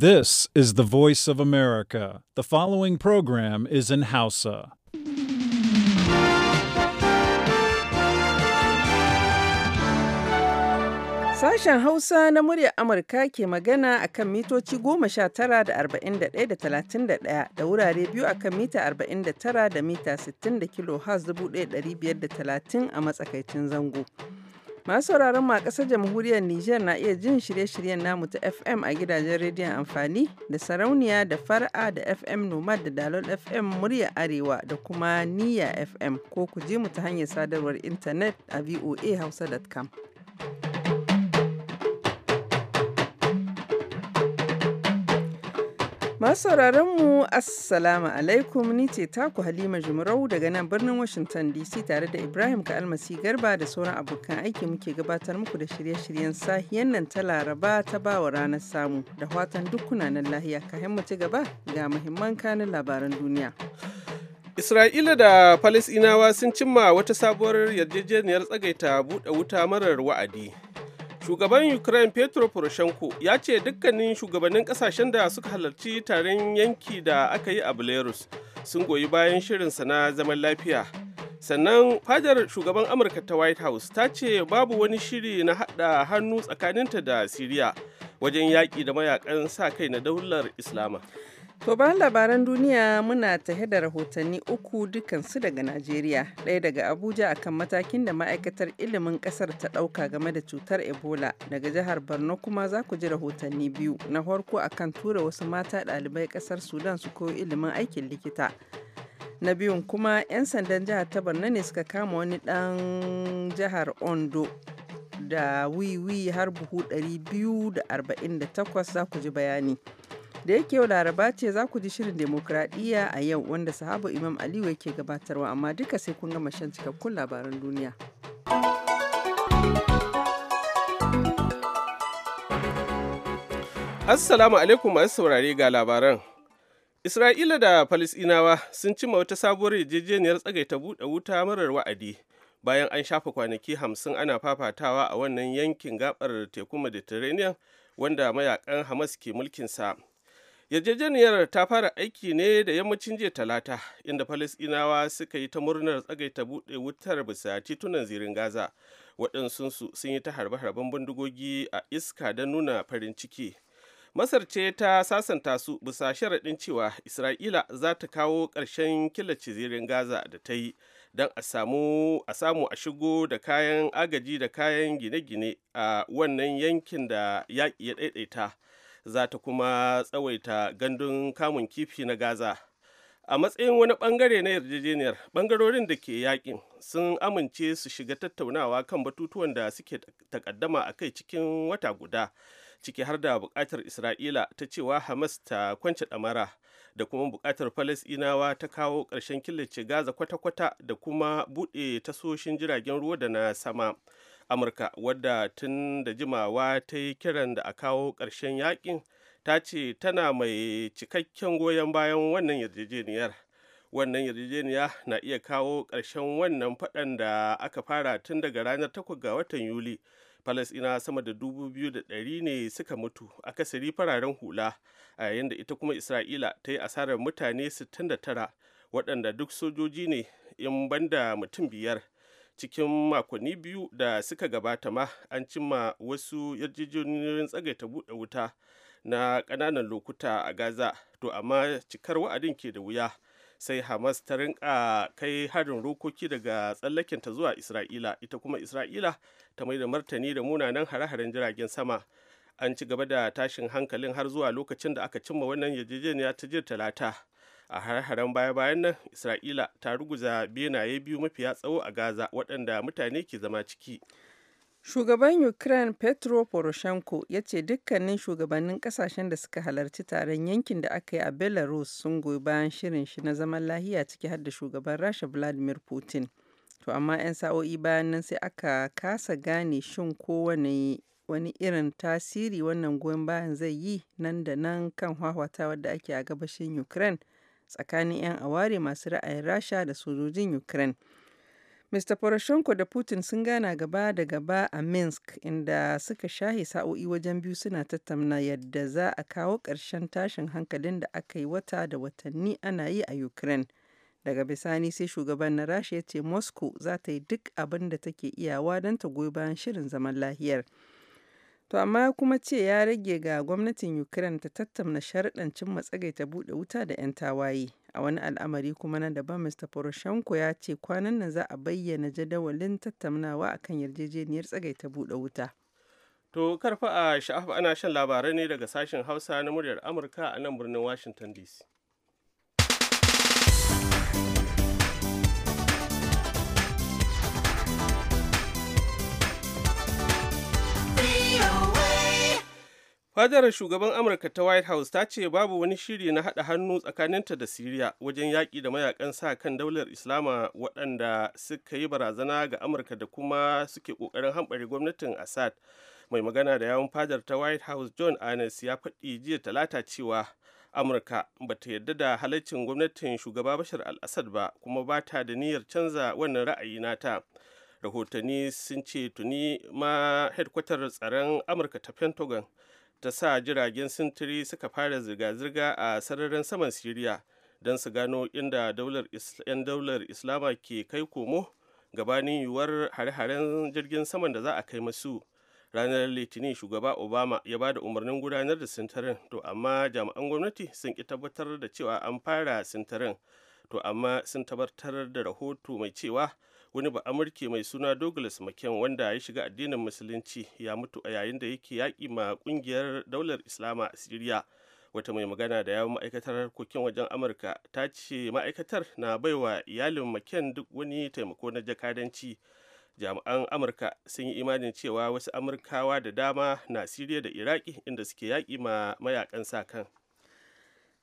This is the voice of America. The following program is in Hausa. Sashen Hausa na murya Amurka ke magana a kan mitoci 19 da 41 da 31 da wurare biyu a kan mita 49 da mita 60 da kilo 1530 a matsakaicin zango. Masu sauraron ma ƙasar jamhuriyar Nijar na iya jin shirye-shiryen namu ta FM a gidajen rediyon amfani da sarauniya da fara'a da FM Nomad da Dalol FM murya Arewa da kuma niya FM ko ku je mu ta hanyar sadarwar intanet a voahausa.com. Masu mu Assalamu alaikum ni ce taku Halima Jumrau daga nan birnin Washington DC tare da Ibrahim Ka'almasi Garba da sauran abokan aiki muke gabatar muku da shirye-shiryen sahiyan nan ta Laraba ta bawa ranar samu da watan dukkuna kunanan lahiya ka mu ci gaba ga muhimman kanin labaran duniya. Isra'ila da Falasɗinawa sun cimma wata sabuwar yarjejeniyar tsagaita buɗe wuta marar wa'adi. Shugaban Ukraine Petro Poroshenko ya ce dukkanin shugabannin kasashen da suka halarci taron yanki da aka yi a Belarus sun goyi bayan shirinsa na zaman lafiya. Sannan fadar shugaban Amurka ta White House ta ce babu wani shiri na hada hannu tsakaninta da Syria wajen yaƙi da mayakan sa kai na daular Islama. To bayan labaran duniya muna tahe da rahotanni uku dukansu daga Najeriya, ɗaya daga Abuja akan matakin da ma'aikatar ilimin ƙasar ta ɗauka game da cutar Ebola. Daga jihar Borno kuma za ku ji rahotanni biyu, na farko akan tura wasu mata ɗalibai ƙasar Sudan su koyo ilimin aikin likita. na biyun kuma 'yan sandan jihar ta borno ne suka kama wani ɗan jihar ondo da wiwi har buhu 248 za ku ji bayani da yake yau laraba ce za ku ji shirin demokradiyya a yau wanda sahabu imam aliyu yake gabatarwa amma duka sai kun gama shan cikakkun labaran duniya assalamu alaikum masu saurare ga labaran isra'ila da falisdinawa sun cima wata sabuwar yarjejeniyar tsagaita buɗe wuta marar wa'adi bayan an shafa kwanaki hamsin ana fafatawa a wannan yankin gabar tekun mediterranean wanda mayakan hamas ke mulkinsa yarjejeniyar ta fara aiki ne da yammacin jiya talata inda falasɗinawa suka yi ta murnar tsagaita buɗe wutar bisa titunan zirin gaza waɗansu sun yi ta harbe-harben bindigogi a iska don nuna farin ciki masar ce ta sasanta su bisa sharaɗin cewa isra'ila za ta kawo ƙarshen killace zirin gaza da ta yi don a samu a shigo da kayan agaji da kayan gine-gine a wannan yankin da yaƙi ya ɗaiɗaita za ta kuma tsawaita gandun kamun kifi na gaza a matsayin wani bangare na yarjejeniyar bangarorin da ke yakin sun amince su shiga tattaunawa kan batutuwan da suke takaddama a kai cikin wata guda ciki har da bukatar isra'ila ta cewa hamas ta kwance damara da kuma bukatar falasinawa ta kawo ƙarshen killace gaza kwata-kwata da kuma buɗe tasoshin jiragen ruwa da na sama amurka wadda tun da jimawa ta yi kiran da a kawo ƙarshen yakin ta ce tana mai cikakken goyon bayan wannan yarjejeniyar wannan yarjejeniya na iya kawo ƙarshen wannan faɗan da aka fara tun daga ranar 8 ga watan yuli falasina sama da dubu biyu da ɗari ne suka mutu akasari fararen hula a yayin da ita kuma isra'ila ta yi asarar mutane 69 waɗanda duk sojoji ne in banda mutum biyar cikin makonni biyu da suka gabata ma an cimma wasu yarjejeniyoyin tsagaita buɗe wuta na ƙananan lokuta a gaza to amma cikar wa'adin ke da wuya sai hamas ta rinka kai harin rokoki daga tsallakinta zuwa isra'ila ita kuma isra'ila ta mai da martani da munanan hare-haren jiragen sama an ci gaba da tashin hankalin har zuwa lokacin da aka cimma wannan yarjejeniya ta jir talata a hare haren baya-bayan nan isra'ila ta ruguza benaye biyu mafiya tsawo a gaza waɗanda mutane ke zama ciki shugaban ukraine petro poroshenko ya ce dukkanin shugabannin kasashen da suka halarci taron yankin da aka yi a belarus sun goyi bayan shirin shi na zaman lahiya ciki har da shugaban rasha vladimir putin to amma 'yan sa'o'i bayan nan sai aka kasa gane shin ko wani irin tasiri wannan goyon bayan zai yi nan da nan kan hwahwata da ake a gabashin ukraine tsakanin 'yan aware masu ra'ayin Rasha da sojojin Ukraine. Mr. Poroshenko da Putin sun gana gaba da gaba a Minsk inda suka shahe sa'o'i wajen biyu suna tattauna yadda za a kawo ƙarshen tashin hankalin da aka yi wata da watanni ana yi a Ukraine. Daga bisani sai shugaban na Rasha ya ce Moscow za ta yi duk abin da take iyawa don ta goyi bayan shirin zaman lahiyar. To amma ya kuma ce ya rage ga gwamnatin Ukraine ta tattauna cin matsagai ta buɗe wuta da 'yan tawaye. A wani al'amari kuma na daban Mr. Poroshenko ya ce kwanan nan za a bayyana jadawalin tattaunawa akan yarjejeniyar ta buɗe wuta. To karfa a sha'afa ana shan labarai ne daga sashen Hausa na muryar Amurka a nan birnin Washington DC. fadarar shugaban amurka ta white house ta ce babu wani shiri na haɗa hannu tsakaninta da siriya wajen yaƙi da mayakan sa kan daular islama waɗanda suka yi barazana ga amurka da kuma suke ƙoƙarin hanbare gwamnatin assad mai magana da yawon fadar ta white house john anes ya faɗi jiya talata cewa amurka ba ta yarda da halaccin gwamnatin shugaba bashar al-assad ba kuma ba ta da niyyar canza wannan ra'ayi nata rahotanni sun ce tuni ma hedkwatar tsaron amurka ta pentagon ta sa jiragen sintiri suka fara zirga-zirga a sararin saman siriya don su gano inda 'yan daular islama ke kai komo gabanin yiwuwar hare-haren jirgin saman da za a kai masu ranar litinin shugaba obama ya ba da umarnin gudanar da sintirin to amma jami'an gwamnati sun ki tabbatar da cewa an fara sintirin to amma sun tabbatar da rahoto mai cewa wani ba amurke mai suna douglas mccain wanda ya shiga addinin musulunci ya mutu a yayin da yake yaƙi ma ƙungiyar daular islama a siriya wata mai magana da yawon ma'aikatar harkokin wajen amurka ta ce ma'aikatar na baiwa iyalin mccain duk wani taimako na jakadanci jami'an amurka sun yi imanin cewa wasu amurkawa da dama na siriya da iraki inda suke yaƙi ma mayakan sa kan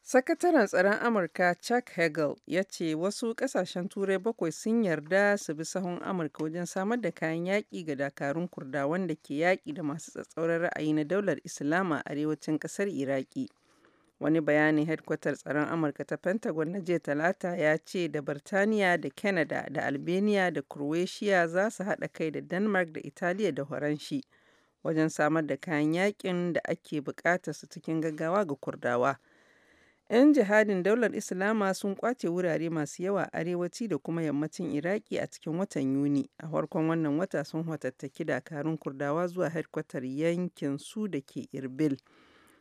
Sakataren tsaron Amurka Chuck Hagel ya ce wasu ƙasashen Turai bakwai sun yarda su bi sahun Amurka wajen samar da kayan yaƙi ga dakarun kurda wanda ke yaƙi da masu tsatsauran ra'ayi na daular Islama a arewacin ƙasar Iraki. Wani bayanin hedkwatar tsaron Amurka ta Pentagon na jiya Talata ya ce da Birtaniya da Canada da Albania da Croatia za su haɗa kai da Denmark da Italiya da Horanshi wajen samar da kayan yaƙin da ake buƙatar su cikin gaggawa ga Kurdawa. 'Yan jihadin daular Islama sun ƙwace wurare masu yawa a arewaci da kuma yammacin Iraki a cikin watan Yuni, a farkon wannan wata sun hatattaki dakarun Kurdawa zuwa hedkwatar yankin su da ke Irbil.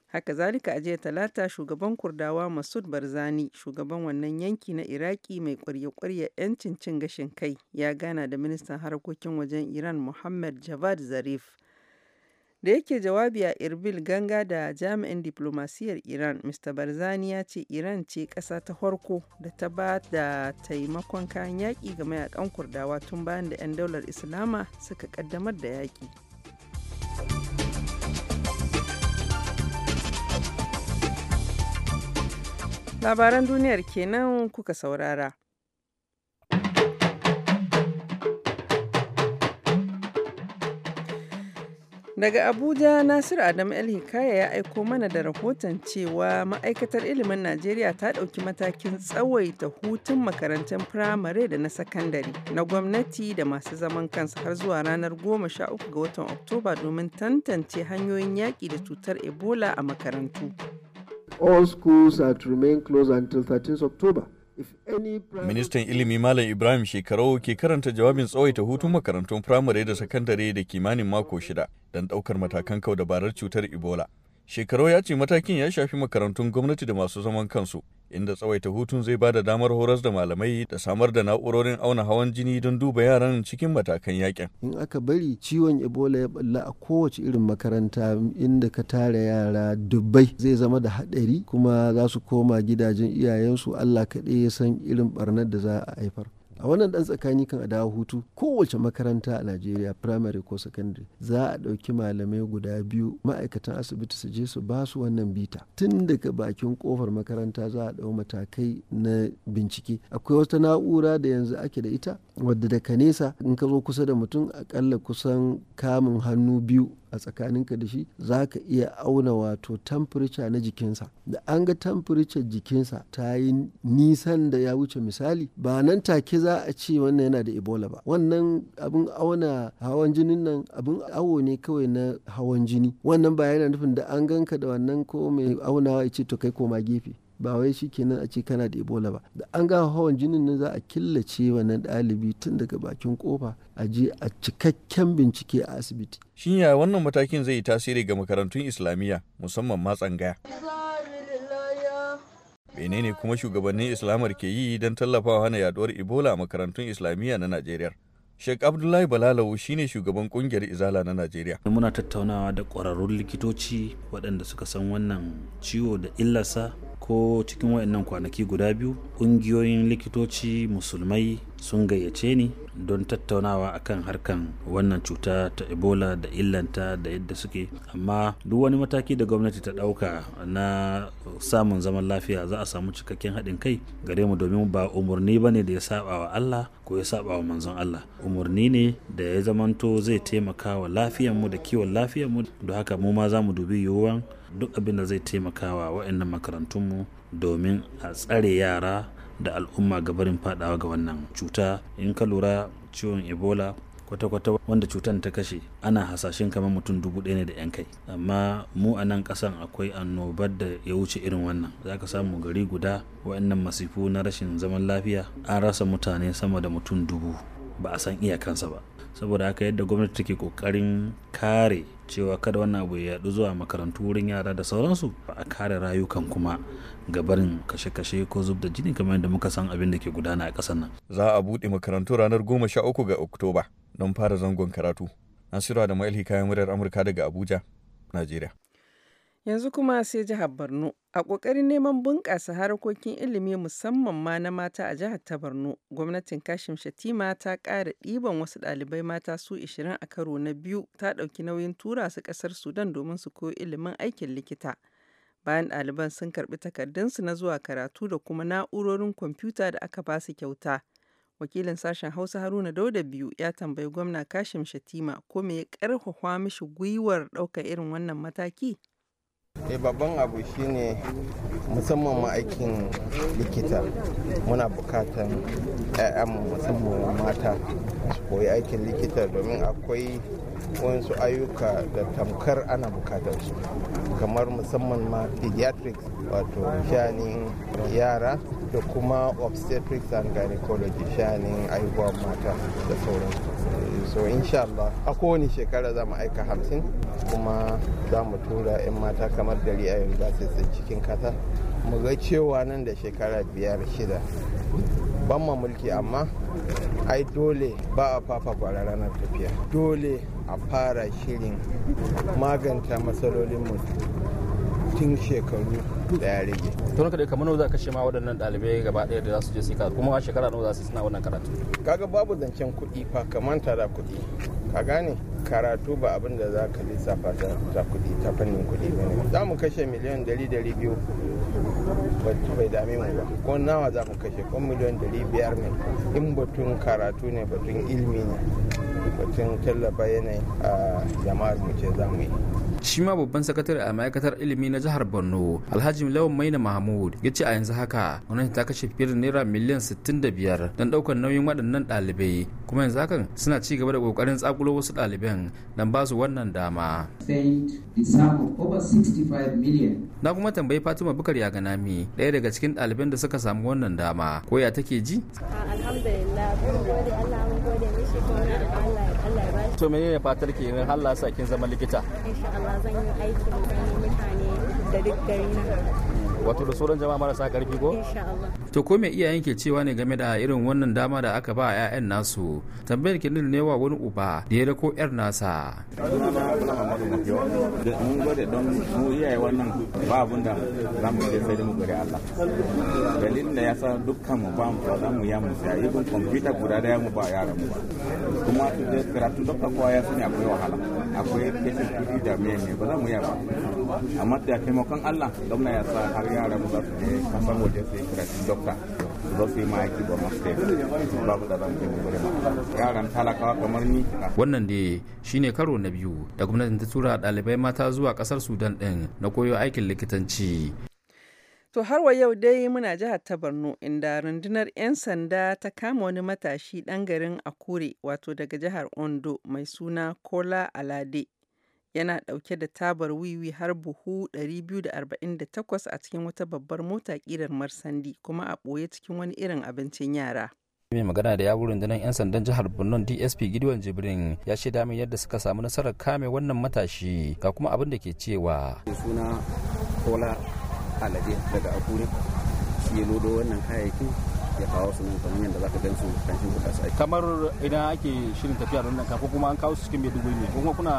Haka zalika a jiya talata shugaban Kurdawa Masud Barzani, shugaban wannan yanki na Iraki mai ƙwarya-ƙwarya 'yancin cin gashin kai, ya gana da ministan harkokin wajen Iran Muhammad Javad Zarif. Da yake jawabi a Irbil Ganga da jami'in diflomasiyyar Iran, Mr. Barzani ya ce Iran ce ƙasa ta farko da ta ba da taimakon kayan yaƙi ga mayakan Kurdawa tun bayan da 'yan daular Islama suka ƙaddamar da yaƙi. Labaran duniyar kenan kuka saurara. Daga Abuja, Nasiru Adam El Hikaya ya aiko mana da rahoton cewa ma'aikatar ilimin Najeriya ta ɗauki matakin tsawaita hutun makarantun firamare da na sakandare na gwamnati da masu zaman kansa har zuwa ranar 13 ga watan Oktoba domin tantance hanyoyin yaƙi da cutar Ebola a makarantu. All schools are to remain closed until 13 October. Ministan ilimi Malam Ibrahim Shekarau ke karanta jawabin tsawaita hutun makarantun firamare da sakandare da kimanin mako shida don ɗaukar matakan kau dabarar cutar Ebola. shekaru ya ce matakin ya shafi makarantun gwamnati da masu zaman kansu, inda tsawaita hutun zai ba da damar horas da malamai da samar da na'urorin auna hawan jini don duba yaran cikin matakan yakin. In aka bari ciwon Ebola ya balla a kowace irin makaranta inda ka tara yara dubbai zai zama da haɗari kuma za su koma gidajen iyayensu Allah kaɗai ya san irin ɓarnar da za a haifar. a wannan dan tsakani kan a dawo hutu kowace makaranta a najeriya primary ko secondary za a ɗauki malamai guda biyu ma'aikatan asibiti su je su basu wannan bita tun daga bakin kofar makaranta za a ɗau matakai na bincike akwai wata na'ura da yanzu ake da ita wadda daga nesa in ka zo kusa da mutum akalla kusan kamun hannu biyu a tsakaninka da shi za ka iya auna wato temperature na jikinsa da an ga temperature jikinsa ta yi nisan da ya wuce misali ba nan take za a ce wannan yana da ebola ba wannan abin auna hawan jinin nan abin awo ne kawai na hawan jini wannan ba yana nufin da an ganka da wannan ko mai aunawa ya ce to kai koma gefe ba wai shi kenan a ce kana da ebola ba da an ga hawan jinin nan za a killace wannan ɗalibi tun daga bakin kofa a je a cikakken bincike a asibiti shin ya wannan matakin zai yi tasiri ga makarantun islamiyya musamman ma tsangaya menene kuma shugabannin islamar ke yi don tallafawa hana yaduwar ebola a makarantun islamiyya na najeriya Sheikh Abdullahi Balalawo shine shugaban kungiyar Izala na Najeriya. Muna tattaunawa da ƙwararrun likitoci waɗanda suka san wannan ciwo da illarsa ko cikin waɗannan kwanaki guda biyu ƙungiyoyin likitoci musulmai sun gayyace ni don tattaunawa akan harkan wannan cuta ta ebola da illanta da yadda suke amma duk wani mataki da gwamnati ta ɗauka na samun zaman lafiya za a samu cikakken haɗin kai gare mu domin ba umarni ba ne da ya saba wa allah ko ya saba wa manzon allah umarni ne da ya zamanto zai taimaka wa lafiyanmu da kiwon lafiyanmu da haka mu ma za mu dubi yiwuwan duk abin da zai taimakawa waɗannan makarantunmu domin a tsare yara da al'umma gabarin fadawa ga wannan cuta in ka lura ciwon ebola kwata-kwata wanda cutar ta kashe ana hasashen kamar mutum dubu ɗaya ne da yan kai amma mu a nan ƙasan akwai annobar da ya wuce irin wannan za ka samu gari guda wa'annan masifu na rashin zaman lafiya an rasa mutane sama da mutum dubu ba a san iyakansa ba saboda haka yadda gwamnati take kokarin kare cewa kada wannan abu ya yaɗu zuwa makarantu wurin yara da sauransu ba a kare rayukan kuma ga barin kashe-kashe ko zub da jini kamar yadda muka san abin da ke gudana a ƙasar nan za a buɗe makarantu ranar goma sha uku ga oktoba don fara zangon karatu nasiru da ma'ilhi kayan murar amurka daga abuja najeriya Yanzu kuma sai jihar Borno. A ƙoƙarin neman bunƙasa harkokin ilimi musamman ma na mata a jihar ta Borno, gwamnatin Kashim Shatima ta ƙara ɗiban wasu ɗalibai mata su 20 a karo na biyu ta ɗauki nauyin tura su ƙasar Sudan domin su koyi ilimin aikin likita. Bayan ɗaliban sun karɓi takardunsu na zuwa karatu da kuma na'urorin kwamfuta da aka ba su kyauta. wakilin sashen hausa haruna dauda biyu ya tambayi gwamna kashim shatima ko me ya karfafa mishi gwiwar ɗaukar irin wannan mataki e babban abu shine musamman aikin likita muna bukatan 'ya'yanmu musamman mata su koyi aikin likita domin akwai wasu ayyuka da tamkar ana bukatar su kamar musamman ma pediatrics wato shanin yara da kuma obstetrics and gynecology shanin aihuwar mata da sauransu so insha Allah a kowane shekara za mu aika hamsin kuma za mu tura 'yan mata kamar dari a university cikin kasa mu ga cewa nan da shekara biyar shida ban ma mulki amma ai dole ba a fafa gwara ranar tafiya dole a fara shirin maganta matsalolinmu tun shekaru daya rage to naka da kamar nawa za ka kashe ma waɗannan ɗalibai gaba ɗaya da za su je su karatu kuma shekara nawa za su suna wannan karatu kaga babu zancen kuɗi fa kamar tara kuɗi ka gane karatu ba abin da za ka lissafa ta kuɗi ta fannin kuɗi ba ne za mu kashe miliyan dari dari biyu bai dame mu ba ko nawa za mu kashe ko miliyan dari biyar ne in batun karatu ne batun ilimi ne batun tallafa yanayi a ah, jama'ar mu ce za mu yi shi ma babban sakatare a ma'aikatar ilimi na jihar borno alhaji lawan maina mahmud ya ce a yanzu haka gwamnati ta kashe fiye da naira miliyan 65 don ɗaukar nauyin waɗannan ɗalibai kuma yanzu hakan suna ci gaba da ƙoƙarin tsakulo wasu ɗaliban don ba su wannan dama na kuma tambayi fatima bukar ya ganami ɗaya daga cikin ɗaliban da suka samu wannan dama ko ya take ji to ne fatar ki in Allah sa kin zama likita insha Allah zan yi aiki da mutane da duk gari na wato da sauran jama'a marasa karfi ko to ko me iyayen ke cewa ne game da irin wannan dama da aka ba a 'ya'yan nasu tambayar ke ne wa wani uba da ya rako 'yar nasa mun gode don mu iyaye wannan ba abun da za mu je sai da Allah dalilin ya dukkan akwai yaran ba ba da zan je kamar ni wannan da ne karo na biyu da gwamnatin ta tura ɗalibai mata zuwa ƙasar sudan ɗin na koyo aikin likitanci To har wa yau dai muna jihar ta Borno inda rundunar 'yan sanda ta kama wani matashi ɗan garin Akure wato daga jihar Ondo mai suna Kola Alade yana ɗauke da tabar wiwi har buhu 248 a cikin wata babbar mota ƙirar marsandi kuma a ɓoye cikin wani irin abincin yara. mai magana da yawun rundunar 'yan sandan jihar borno dsp gideon jibrin ya ce damin yadda suka samu nasarar kame wannan matashi ga kuma abin da ke cewa suna kola alade daga akure shi ya lodo wannan kayayyaki ya kawo su nan kamar yadda za ka gan su kuka su kamar idan ake shirin tafiya nan ka ko kuma an kawo su cikin maiduguri ne kuma kuna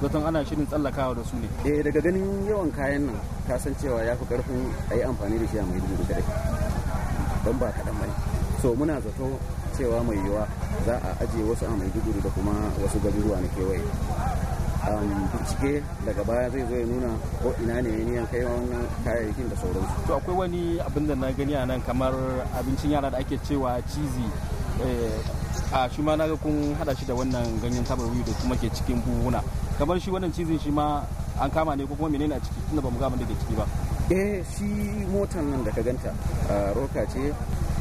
zaton ana shirin tsallakawa da su ne eh daga ganin yawan kayan nan ka san cewa ya fi karfin a yi amfani da shi a mai dubu dare don ba kaɗan bane so muna zato cewa mai yiwuwa za a ajiye wasu a mai dubu da kuma wasu garuruwa na kewaye bincike daga baya zai zo ya nuna ko ina ne niyan kai wannan kayayyakin da sauransu to akwai wani abin da na gani a nan kamar abincin yara da ake cewa cizi eh, a shi ma na ga kun hada shi da wannan ganyen tabarwi da kuma ke cikin buhuna kamar shi wannan cizin shi ma an kama ne ko kuma menene a ciki tunda ba mu ga abin da ke ciki ba eh shi motan nan da ka ganta roka ce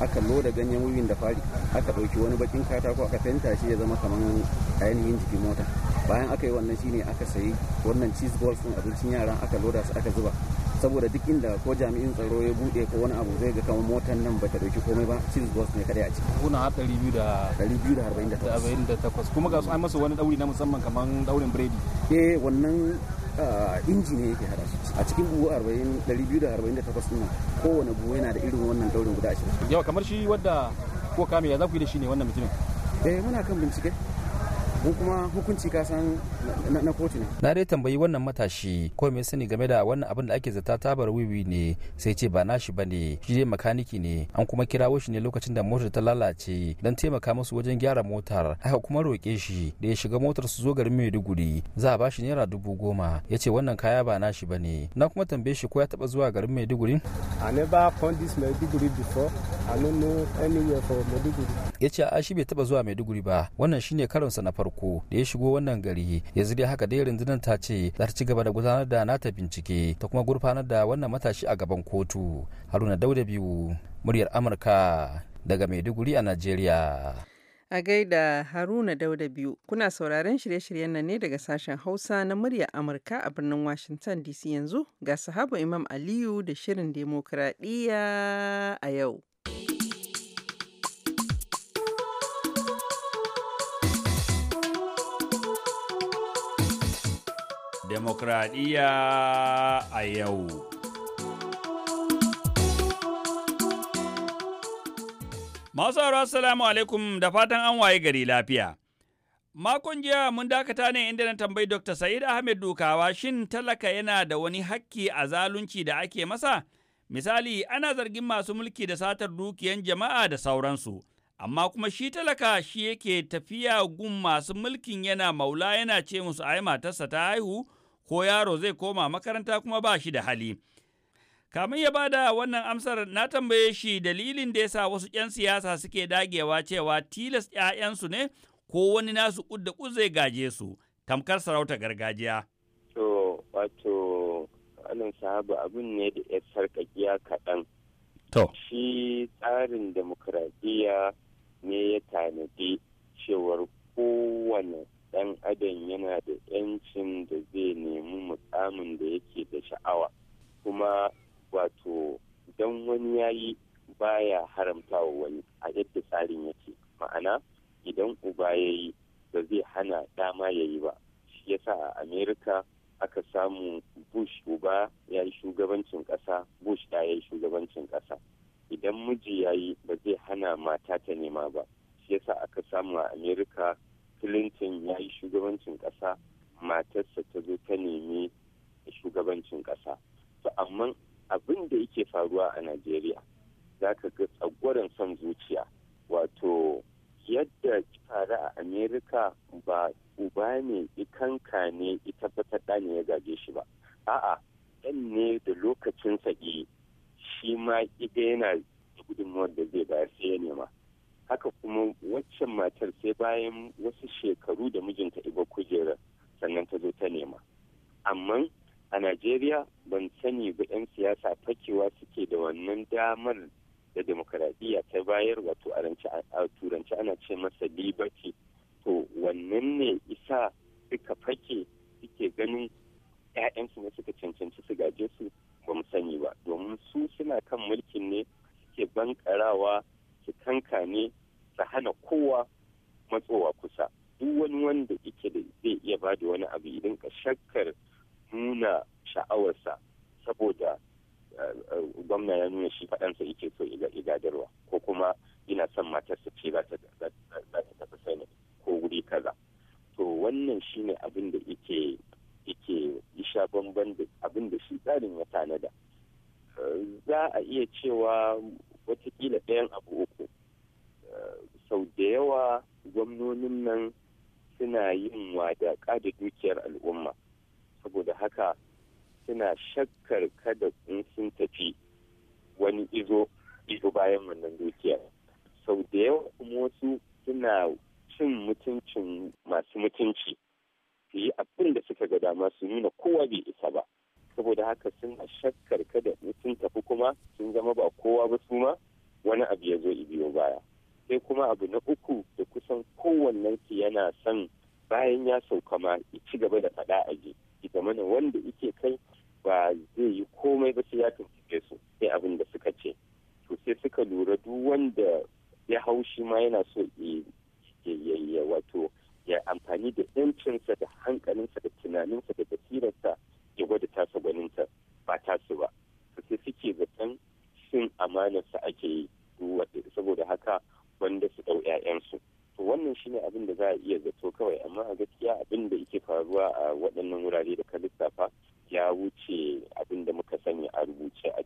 aka loda ganyen wuyin da fari aka ɗauki wani bakin katako aka fenta shi ya zama kamar ainihin jikin mota bayan aka yi wannan shine aka sayi wannan cheese balls din abincin yaran aka loda su aka zuba saboda duk inda ko jami'in tsaro ya bude ko wani abu zai ga kama motar nan bata dauki komai ba cheese balls ne kadai a ciki kuna har 248 kuma ga su an masa wani dauri na musamman kamar daurin biredi eh wannan ah, inji ne yake hada su a cikin buhu 248 din kowane buhu yana da irin wannan daurin guda ashirin yawa kamar shi wadda ko kame ya za ku yi da shi ne wannan mutumin eh muna kan bincike ko kuma hukunci ka san na kotu ne na dai tambayi wannan matashi ko me sani game da wannan abin da ake zata tabar wiwi ne sai ce ba nashi bane shi dai makaniki ne an kuma kirawo shi ne lokacin da motar ta lalace dan taimaka musu wajen gyara motar aka kuma roƙe shi da ya shiga motar su zo garin Maiduguri za a bashi naira dubu goma ya ce wannan kaya ba nashi bane na kuma tambaye shi ko ya taba zuwa garin Maiduguri I never found this Maiduguri before I don't know anywhere for Maiduguri ya ce a shi bai taba zuwa Maiduguri ba wannan shine karonsa na farko bako da ya shigo wannan gari yanzu dai haka dai rundunar ta ce za ta ci gaba da gudanar da nata bincike ta kuma gurfanar da wannan matashi a gaban kotu haruna dauda biyu muryar amurka daga maiduguri a nigeria. a gaida haruna dauda biyu kuna sauraron shirye-shiryen nan ne daga sashen hausa na muryar amurka a birnin washington dc yanzu ga sahabu imam aliyu da shirin demokradiyya a yau demokradiyya a yau. Masu aure assalamu alaikum da fatan an waye gari lafiya. Makon jiya mun dakata ne inda na tambayi Dr. Sa'id Ahmed Dukawa shin talaka yana da wani hakki a zalunci da ake masa? Misali, ana zargin masu mulki da satar dukiyan jama'a da sauransu. amma kuma shi talaka shi yake tafiya gun masu mulkin yana maula yana ce musu ai matarsa ta haihu ko yaro zai koma makaranta kuma ba shi da hali. Kamin ya bada wannan amsar na tambaye shi dalilin da yasa wasu 'yan siyasa suke dagewa cewa tilas 'ya'yansu ne ko wani nasu ƙudda zai gaje su tamkar sarauta gargajiya. To wato alin sahaba abin ne da ya sarƙaƙiya kaɗan. Shi tsarin demokuraɗiyya ne ya tanadi cewar kowane ɗan adam yana da 'yancin da zai nemi mukamin da yake da sha'awa kuma wato don wani ya yi baya haramtawa wani a yadda tsarin yake ma'ana idan uba ya yi ba zai hana dama ya yi ba shi yasa a amerika aka samu bush uba ya yi shugabancin ƙasa bush ya yi shugabancin ƙasa idan miji ya yi ba zai hana mata ta nema ba shi yasa aka samu a amerika clinton ya yi shugabancin ƙasa matarsa ta zo ta nemi shugabancin ƙasa to amma abin da yake faruwa a najeriya za ka ga tsagwaron son zuciya wato yadda faru a amerika ba uba ne ikanka ne ita fata ɗa ne ya gaje shi ba a'a ɗan ne da lokacin sa'i shi ma ita yana gudunmuwar da zai bayar sai ya nema haka kuma waccan matar sai bayan wasu shekaru da mijinta iba kujera sannan ta zo ta nema amma a najeriya ban sani ba 'yan siyasa fakewa suke da wannan damar da demokaradiyya ta bayar wato a turanci ana ce masa liberty to wannan ne isa suka fake suke ganin 'ya'yansu ne suka cancanci su gaje su ba mu sani ba domin su suna kan mulkin ne suke bankarawa su kankane su hana kowa matsowa kusa duk wani wanda yake da zai iya ba da wani abu idan ka shakkar nuna sha'awarsa saboda eh, eh, gwamna ya nuna shi faɗansa yake so igadarwa ko kuma ina son matarsa ce za ta tafi sani ko wuri kaza to wannan shi ne abin da yake yake isha bamban da abin da shi tsarin ya tanada eh, za a iya cewa watakila ɗayan abu uku eh, sau da yawa gwamnonin nan suna yin wadaƙa da dukiyar al'umma saboda haka suna shakkar kada in sun tafi wani izo izo bayan wannan dukiyar sau da yawa kuma wasu suna cin mutuncin masu mutunci su yi abin da suka ga dama su nuna kowa bai isa ba saboda haka sun shakkar kada sun tafi kuma sun zama ba kowa ba su ma wani abu ya zo biyo baya sai kuma abu na uku da kusan kowannen ki yana son bayan ya sauka ma ci gaba da fada a ji ita mana wanda ike kai ba zai yi komai ba sai ya tuntuɓe su sai abin da suka ce to sai suka lura duk wanda ya hau shi ma yana so ya wato ya amfani da 'yancinsa da hankalinsa da tunaninsa da basirarsa ya gwada tasa gwaninta ba tasu ba sai suke zaton shin amanarsa ake yi saboda haka wanda su ɗau 'ya'yansu to wannan shine abin da za a iya zato kawai amma a gaskiya abin da yake faruwa a waɗannan wurare da ka lissafa ya wuce abin da muka sani a rubuce a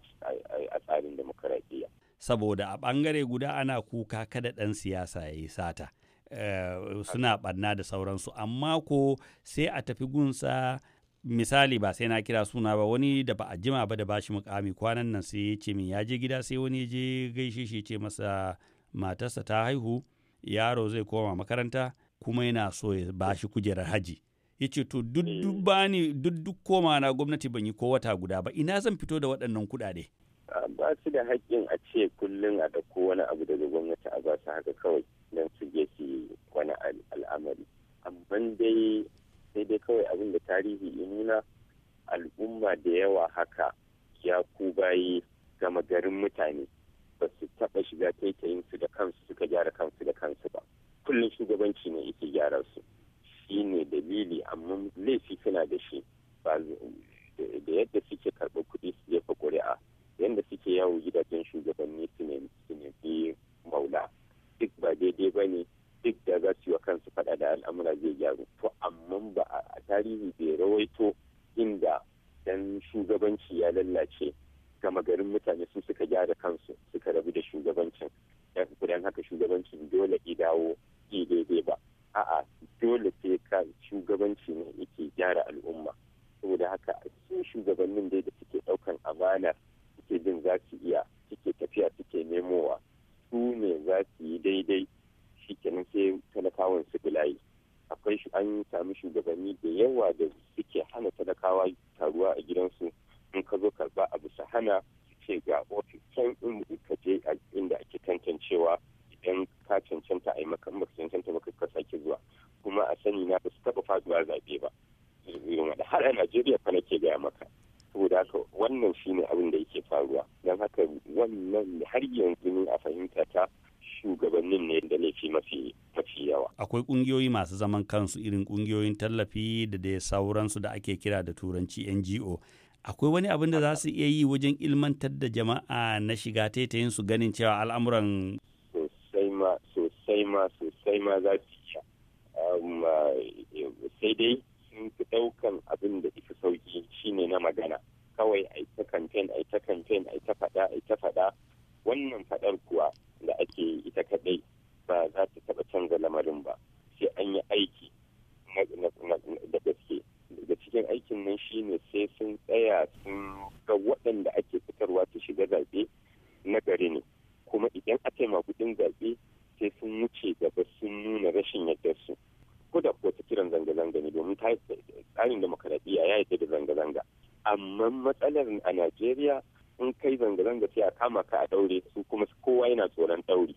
tsarin demokaradiyya. saboda a bangare guda ana kuka kada ɗan siyasa ya yi sata eh, suna ɓanna da sauransu amma ko sai a tafi gunsa misali ba sai na kira suna ba wani da ba a jima ba da ba shi mukami kwanan nan sai ya ce min ya je gida sai wani je gaishe shi ce masa matarsa ta haihu yaro zai koma makaranta kuma yana so ya ba shi kujerar haji ya ce to duk eh. koma na gwamnati ban yi ko wata guda ba ina zan fito da waɗannan kuɗaɗe ba su da haƙƙin a ce kullum a da wani abu daga gwamnati a ba su haka kawai don su je su wani al'amari amma dai sai dai kawai abin da tarihi ya nuna al'umma da yawa haka ya ku bayi gama garin mutane ba su taɓa shiga taikayin su da kansu suka gyara kansu da kansu ba kullum shugabanci ne yake gyara su shi ne dalili amma laifi suna da shi da yadda suke karɓar kuɗi su jefa ƙuri'a yadda suke yawo gidajen shugabanni su ne nemi maula duk ba daidai ba ne duk da za su su faɗa da al'amura zai gyaru to amma ba a tarihi bai rawaito inda dan shugabanci ya lallace gama garin mutane su suka gyara kansu suka rabu da shugabancin dan haka shugabancin dole i dawo i daidai ba a'a dole sai ka shugabanci ne yake gyara al'umma saboda haka a su shugabannin dai da sami shugabanni da yawa da suke hana talakawa masu zaman kansu irin ƙungiyoyin tallafi da dai sauransu da ake kira da turanci ngo akwai wani abin da za su iya yi wajen ilmantar da jama'a na shiga taitayin su ganin cewa al'amuran sosai ma sosai ma sosai ma za su eh, sai dai aikin nan shine sai sun tsaya sun ga waɗanda ake fitarwa su shiga zaɓe na gari ne kuma idan aka yi magudin zaɓe sai sun wuce gaba sun nuna rashin yadda su ko da kuwa ta kiran zanga-zanga ne domin tsarin demokaradiyya ya yadda da zanga-zanga amma matsalar a najeriya in kai zanga-zanga sai a kama ka a daure su kuma kowa yana tsoron daure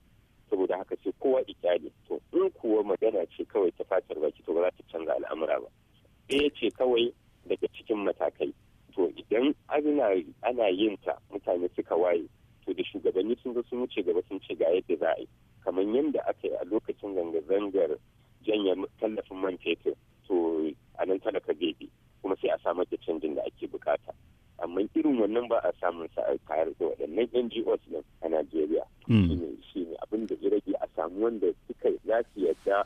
wanda suka za su yadda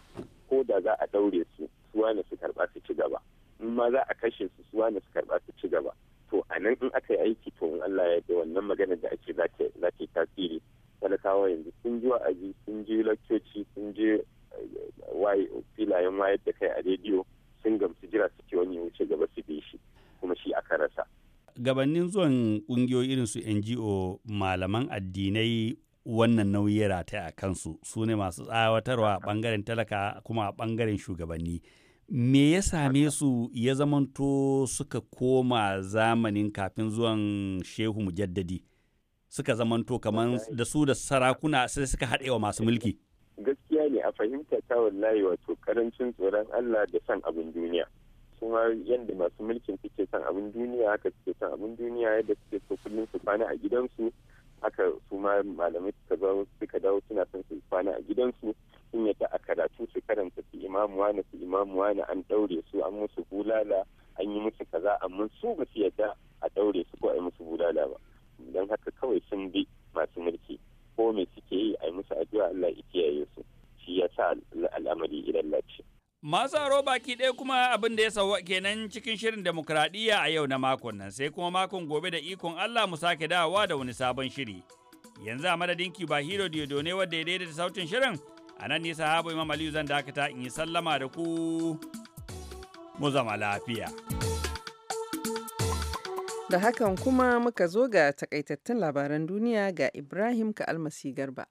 ko da za a daure su suwa na su karba su ci gaba in ma za a kashe su suwa na su karba su ci gaba to a nan in aka yi aiki to in Allah ya da wannan magana da ake za ta tasiri talakawa yanzu sun ji wa'azi sun je lakcoci sun je eh, filayen wayar da kai a rediyo sun gamsu jira suke wani wuce gaba su bi shi kuma shi aka rasa gabanin zuwan kungiyoyi irin su NGO malaman addinai wannan nauyi ya rataya a kansu su ne masu tsawatarwa a bangaren talaka kuma a ɓangaren shugabanni me ya same su ya zamanto suka koma zamanin kafin zuwan shehu mujaddadi suka zamanto kamar da su da sarakuna sai suka haɗe wa masu mulki gaskiya ne a fahimta ta wallahi wato karancin tsoron Allah da san abin duniya kuma yadda masu mulkin suke son abin duniya haka suke son abin duniya yadda suke so kullum su kwana a gidansu haka su ma malamai suka dawo suna son su kwana a gidansu sun ta a karatu su karanta su imamu wani su imamu wani an daure su an musu bulala an yi musu kaza amma su ba su yadda a daure su ko a yi musu bulala ba don haka kawai sun bi masu mulki ko me suke yi a yi musu addu'a Allah ya kiyaye su shi ya sa al'amari idan lafiya Masu aro baki ɗaya kuma abin da ya sauwa kenan cikin shirin demokradiyya a yau na makon nan sai kuma makon gobe da ikon Allah mu sake dawowa da wani sabon shiri. Yanzu a madadin ki hiro da ne wadda ya daidaita sautin shirin a nan nisa habu Imam Aliyu zan dakata in yi sallama da ku mu zama lafiya. Da hakan kuma muka zo ga takaitattun labaran duniya ga Ibrahim ka almasi garba.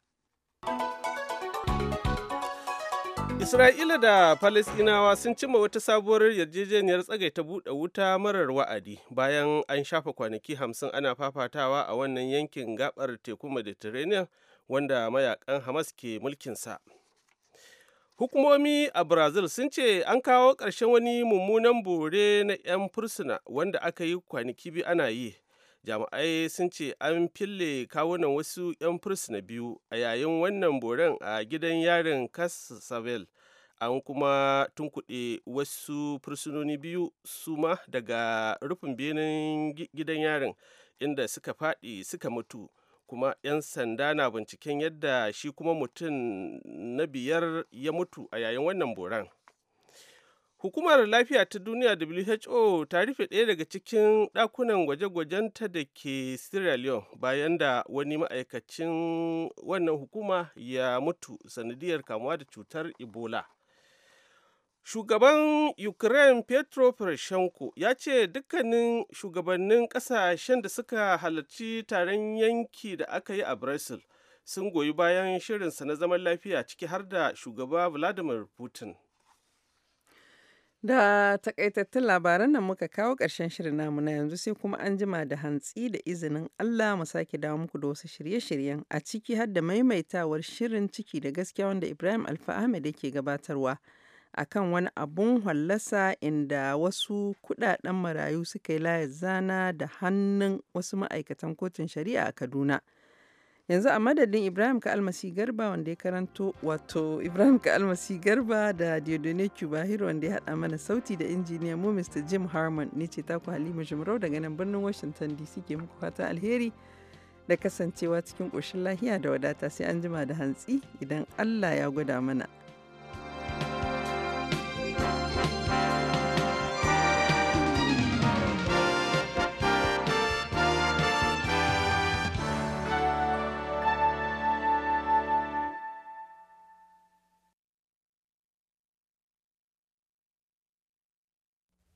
Isra'ila da Falasɗinawa sun cimma wata sabuwar yarjejeniyar tsagaita buɗe wuta marar wa'adi bayan an shafa kwanaki hamsin ana fafatawa a wannan yankin gabar teku Mediterranean wanda mayakan Hamas ke mulkinsa. Hukumomi a Brazil sun ce an kawo ƙarshen wani mummunan bore na 'yan fursuna wanda aka yi kwanaki biyu ana yi jami'ai sun ce an fille kawunan wasu 'yan fursuna biyu a yayin wannan boren a gidan yarin kassavel an kuma tunkuɗe wasu fursunoni biyu su ma daga rufin benin gidan yarin inda suka faɗi suka mutu kuma 'yan sanda na binciken yadda shi kuma mutum na biyar ya mutu a yayin wannan boran. Hukumar Lafiya ta Duniya WHO ta rufe ɗaya daga cikin ɗakunan gwaje-gwajenta da ke Sierra Leone bayan da wani ma'aikacin wannan hukuma ya mutu sanadiyar kamuwa da cutar Ebola. Shugaban Ukraine Petro Poroshenko ya ce dukkanin shugabannin ƙasashen da suka halarci taron yanki da aka yi a Brussels sun goyi bayan shirinsa na zaman lafiya ciki har da shugaba Vladimir Putin. Da takaitattun labaran nan muka kawo ƙarshen shirin namu na yanzu sai kuma an jima da hantsi da izinin Allah mu sake dawo muku da wasu shirye-shiryen a ciki har da maimaitawar shirin ciki da gaskiya wanda Ibrahim Alfa Ahmed yake gabatarwa a kan wani abun hallasa inda wasu kudaden marayu suka yi layar zana da hannun wasu ma'aikatan kotun shari'a a Kaduna. yanzu a madadin ibrahim almasi garba wanda ya karanto wato ibrahim almasi garba da diodone cubahiro wanda ya hada mana sauti da injiniya mu mr jim harmon ne ce taku halima jimarau daga nan birnin washington dc ke muku fata alheri da kasancewa cikin ƙoshin lahiya da wadata sai an jima da hantsi idan allah ya gwada mana